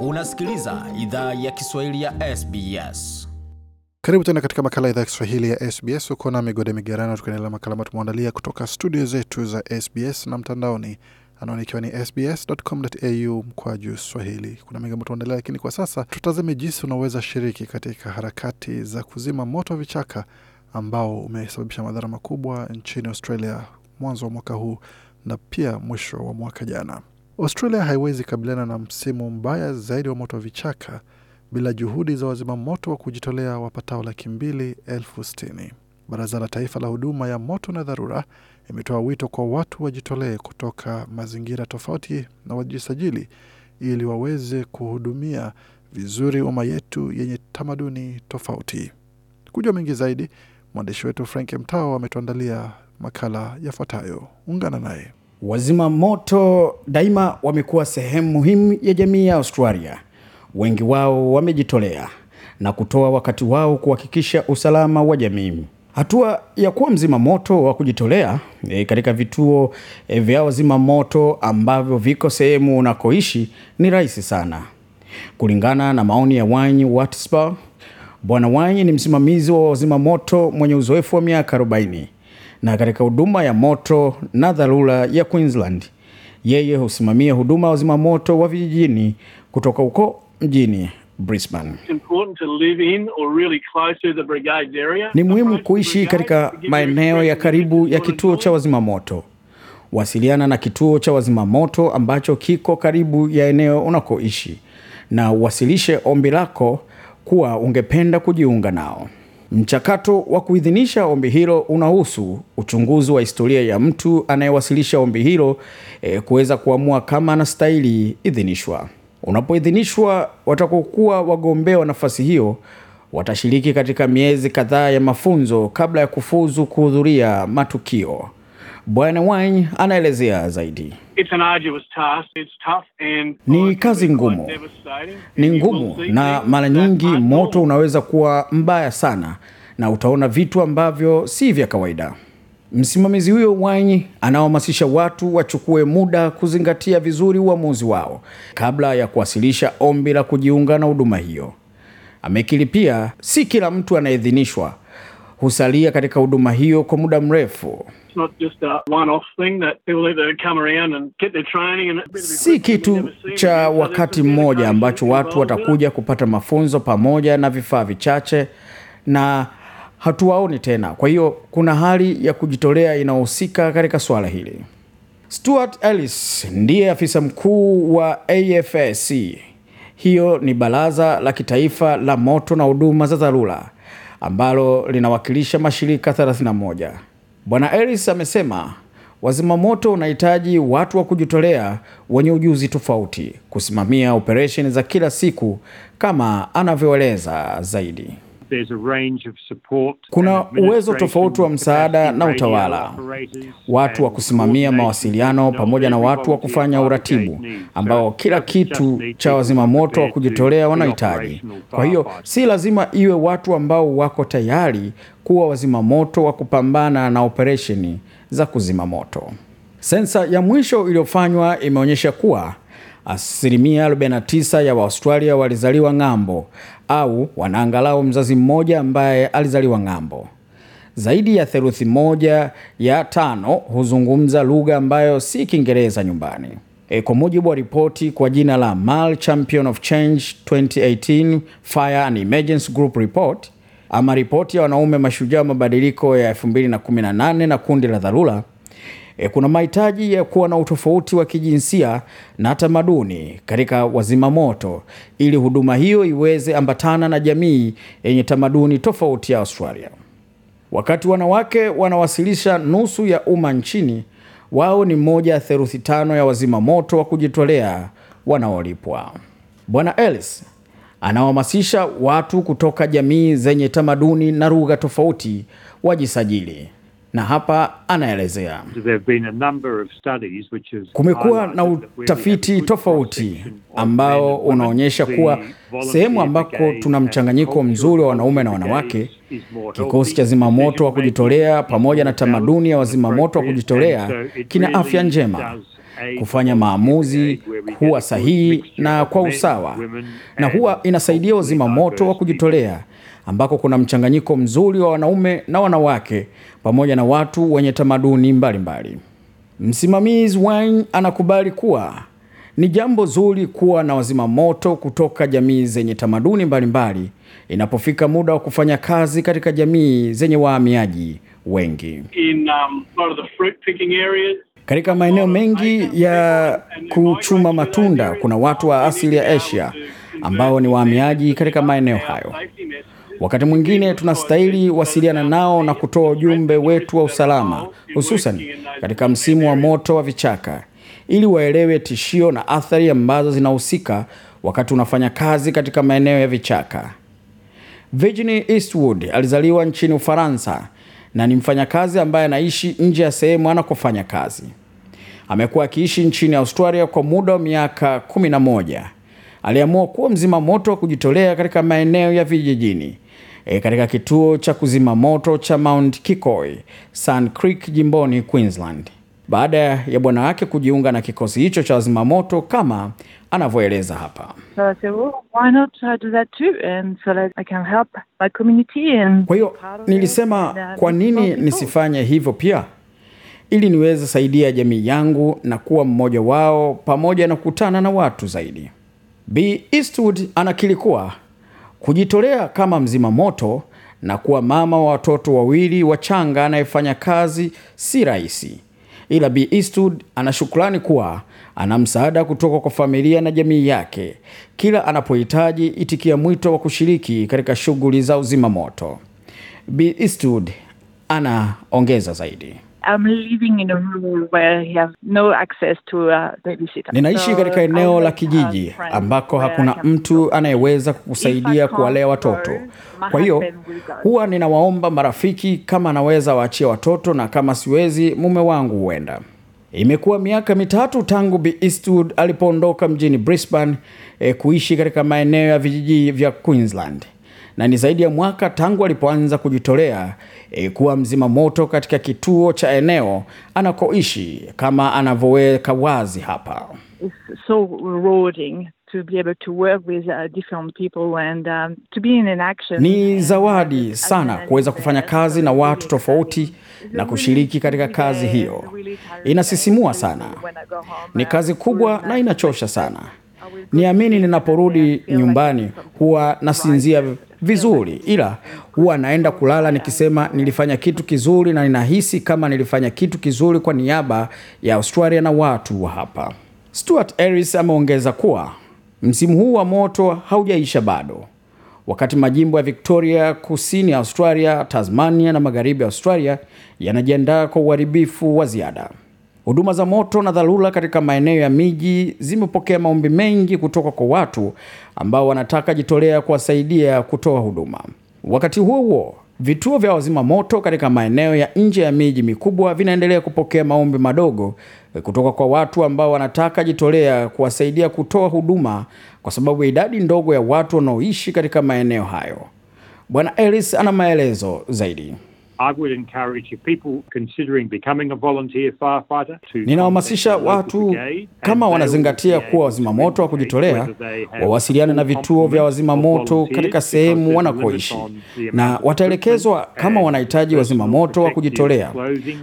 Unasikiliza idhaa ya Kiswahili ya SBS. Karibu tena katika makala idhaa ya Kiswahili ya SBS. Uko na Migode Migerano tukiendelea makala ambayo tumeandalia kutoka studio zetu za SBS na mtandaoni, anwani ikiwa ni sbs.com.au juu swahili. Kuna mengi ambayo tumeandalia, lakini kwa sasa tutazame jinsi unaweza shiriki katika harakati za kuzima moto wa vichaka ambao umesababisha madhara makubwa nchini Australia mwanzo wa mwaka huu na pia mwisho wa mwaka jana. Australia haiwezi kabiliana na msimu mbaya zaidi wa moto wa vichaka bila juhudi za wazima moto wa kujitolea wapatao laki mbili elfu sitini. Baraza la Taifa la Huduma ya Moto na Dharura imetoa wito kwa watu wajitolee kutoka mazingira tofauti na wajisajili ili waweze kuhudumia vizuri umma yetu yenye tamaduni tofauti. Kujua mengi zaidi, mwandishi wetu Frank Mtao ametuandalia makala yafuatayo. Ungana naye. Wazima moto daima wamekuwa sehemu muhimu ya jamii ya Australia. Wengi wao wamejitolea na kutoa wakati wao kuhakikisha usalama wa jamii. Hatua ya kuwa mzima moto wa kujitolea e, katika vituo e, vya wazima moto ambavyo viko sehemu unakoishi ni rahisi sana. Kulingana na maoni ya Wanyi Watspa, Bwana Wanyi ni msimamizi wa wazima moto mwenye uzoefu wa miaka 40 na katika huduma ya moto na dharura ya Queensland. Yeye husimamia huduma ya wazimamoto wa vijijini kutoka huko mjini Brisbane. Really ni muhimu kuishi katika maeneo ya karibu ya kituo cha wazimamoto. Wasiliana na kituo cha wazimamoto ambacho kiko karibu ya eneo unakoishi na uwasilishe ombi lako kuwa ungependa kujiunga nao. Mchakato wa kuidhinisha ombi hilo unahusu uchunguzi wa historia ya mtu anayewasilisha ombi hilo e, kuweza kuamua kama anastahili idhinishwa. Unapoidhinishwa, watakokuwa wagombea wa nafasi hiyo watashiriki katika miezi kadhaa ya mafunzo kabla ya kufuzu kuhudhuria matukio. Bwana Wine anaelezea zaidi. Ni kazi ngumu, ni ngumu, na mara nyingi moto unaweza kuwa mbaya sana na utaona vitu ambavyo si vya kawaida. Msimamizi huyo Wanyi anawahamasisha watu wachukue muda kuzingatia vizuri uamuzi wao kabla ya kuwasilisha ombi la kujiunga na huduma hiyo. Amekiri pia si kila mtu anayeidhinishwa husalia katika huduma hiyo kwa muda mrefu. Si kitu cha wakati mmoja ambacho watu watakuja kupata mafunzo pamoja na vifaa vichache na hatuwaoni tena. Kwa hiyo kuna hali ya kujitolea inayohusika katika suala hili. Stuart Ellis ndiye afisa mkuu wa AFSC. Hiyo ni baraza la kitaifa la moto na huduma za dharura ambalo linawakilisha mashirika 31. Bwana Eris amesema wazima moto unahitaji watu wa kujitolea wenye ujuzi tofauti kusimamia operesheni za kila siku, kama anavyoeleza zaidi. Kuna uwezo tofauti wa msaada na utawala, watu wa kusimamia mawasiliano pamoja na watu wa kufanya uratibu, ambao kila kitu cha wazima moto wa kujitolea wanahitaji. Kwa hiyo si lazima iwe watu ambao wako tayari kuwa wazima moto wa kupambana na operesheni za kuzima moto. Sensa ya mwisho iliyofanywa imeonyesha kuwa Asilimia 49 ya Waaustralia walizaliwa ng'ambo au wanaangalau mzazi mmoja ambaye alizaliwa ng'ambo. Zaidi ya theluthi moja ya tano huzungumza lugha ambayo si Kiingereza nyumbani. E, kwa mujibu wa ripoti kwa jina la Mal Champion of Change 2018 Fire and Emergency Group Report ama ripoti ya wanaume mashujaa mabadiliko ya 2018 na kundi la dharura e, kuna mahitaji ya kuwa na utofauti wa kijinsia na tamaduni katika wazimamoto ili huduma hiyo iweze ambatana na jamii yenye tamaduni tofauti ya Australia. Wakati wanawake wanawasilisha nusu ya umma nchini, wao ni moja ya theluthi tano ya wazima moto wa kujitolea wanaolipwa. Bwana Ellis anawahamasisha watu kutoka jamii zenye tamaduni na lugha tofauti wajisajili na hapa anaelezea, kumekuwa na utafiti tofauti ambao unaonyesha kuwa sehemu ambako tuna mchanganyiko mzuri wa wanaume na wanawake, kikosi cha zimamoto wa kujitolea pamoja na tamaduni ya wazimamoto wa kujitolea kina afya njema kufanya maamuzi huwa sahihi na kwa usawa, na huwa inasaidia wazima moto wa kujitolea ambako kuna mchanganyiko mzuri wa wanaume na wanawake pamoja na watu wenye tamaduni mbalimbali. Msimamizi Wine anakubali kuwa ni jambo zuri kuwa na wazima moto kutoka jamii zenye tamaduni mbalimbali inapofika muda wa kufanya kazi katika jamii zenye wahamiaji wengi. In, um, katika maeneo mengi ya kuchuma matunda kuna watu wa asili ya Asia ambao ni wahamiaji katika maeneo hayo. Wakati mwingine tunastahili wasiliana nao na kutoa ujumbe wetu wa usalama, hususan katika msimu wa moto wa vichaka, ili waelewe tishio na athari ambazo zinahusika wakati unafanya kazi katika maeneo ya vichaka. Virginie Eastwood alizaliwa nchini Ufaransa na ni mfanyakazi ambaye anaishi nje ya sehemu anakofanya kazi. Amekuwa akiishi nchini Australia kwa muda wa miaka 11. Aliamua kuwa mzima moto wa kujitolea katika maeneo ya vijijini e, katika kituo cha kuzima moto cha Mount Kikoi, Sand Creek jimboni Queensland baada ya bwana wake kujiunga na kikosi hicho cha wazima moto kama anavyoeleza hapa. Kwa hiyo nilisema, uh, kwa nini nisifanye hivyo pia, ili niweze saidia jamii yangu na kuwa mmoja wao, pamoja na kukutana na watu zaidi. B Eastwood anakili kuwa Kujitolea kama mzima moto na kuwa mama wa watoto wawili wachanga anayefanya kazi si rahisi, ila Bi Eastwood ana kuwa ana msaada kutoka kwa familia na jamii yake kila anapohitaji itikia mwito wa kushiriki katika shughuli za uzima moto. Bi Eastwood anaongeza zaidi. I'm living in a room where he has no access to a babysitter. Ninaishi katika eneo la kijiji ambako hakuna mtu anayeweza kukusaidia kuwalea watoto. Kwa hiyo huwa ninawaomba marafiki kama anaweza waachia watoto na kama siwezi mume wangu huenda. Imekuwa miaka mitatu tangu Bi Eastwood alipoondoka mjini Brisbane e, kuishi katika maeneo ya vijiji vya Queensland na ni zaidi ya mwaka tangu alipoanza kujitolea e, kuwa mzima moto katika kituo cha eneo anakoishi kama anavyoweka wazi hapa. Uh, um, ni zawadi sana kuweza kufanya kazi na watu tofauti na kushiriki katika kazi hiyo. Inasisimua sana. Ni kazi kubwa na inachosha sana. Niamini ninaporudi nyumbani huwa nasinzia vizuri, ila huwa naenda kulala nikisema nilifanya kitu kizuri na ninahisi kama nilifanya kitu kizuri kwa niaba ya Australia na watu wa hapa. Stuart Harris ameongeza kuwa msimu huu wa moto haujaisha bado. Wakati majimbo ya Victoria, kusini Australia, Tasmania na magharibi Australia yanajiandaa kwa uharibifu wa ziada. Huduma za moto na dharura katika maeneo ya miji zimepokea maombi mengi kutoka kwa watu ambao wanataka jitolea kuwasaidia kutoa huduma. Wakati huo huo, vituo vya wazima moto katika maeneo ya nje ya miji mikubwa vinaendelea kupokea maombi madogo eh, kutoka kwa watu ambao wanataka jitolea kuwasaidia kutoa huduma kwa sababu ya idadi ndogo ya watu wanaoishi katika maeneo hayo. Bwana Ellis ana maelezo zaidi. Ninahamasisha watu kama wanazingatia kuwa wazimamoto wa kujitolea wawasiliane na vituo vya wazimamoto katika sehemu wanakoishi, na wataelekezwa kama wanahitaji wazimamoto wa kujitolea,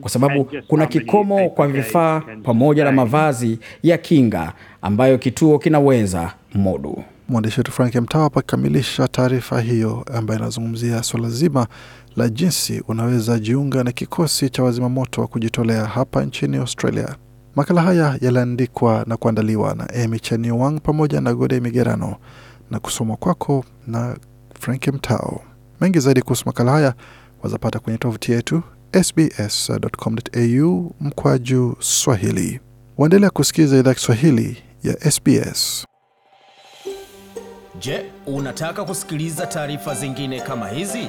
kwa sababu kuna kikomo kwa vifaa pamoja na mavazi ya kinga ambayo kituo kinaweza mudu Mwandishi wetu Frank Mtawa pakikamilisha taarifa hiyo ambayo inazungumzia swala zima la jinsi unaweza jiunga na kikosi cha wazimamoto wa kujitolea hapa nchini Australia. Makala haya yaliandikwa na kuandaliwa na Emy Chaniwang pamoja na Gode Migerano na kusomwa kwako na Frank Mtao. Mengi zaidi kuhusu makala haya wazapata kwenye tovuti yetu sbs.com.au mkwaju Swahili. Waendelea kusikiliza idhaa Kiswahili ya SBS. Je, unataka kusikiliza taarifa zingine kama hizi?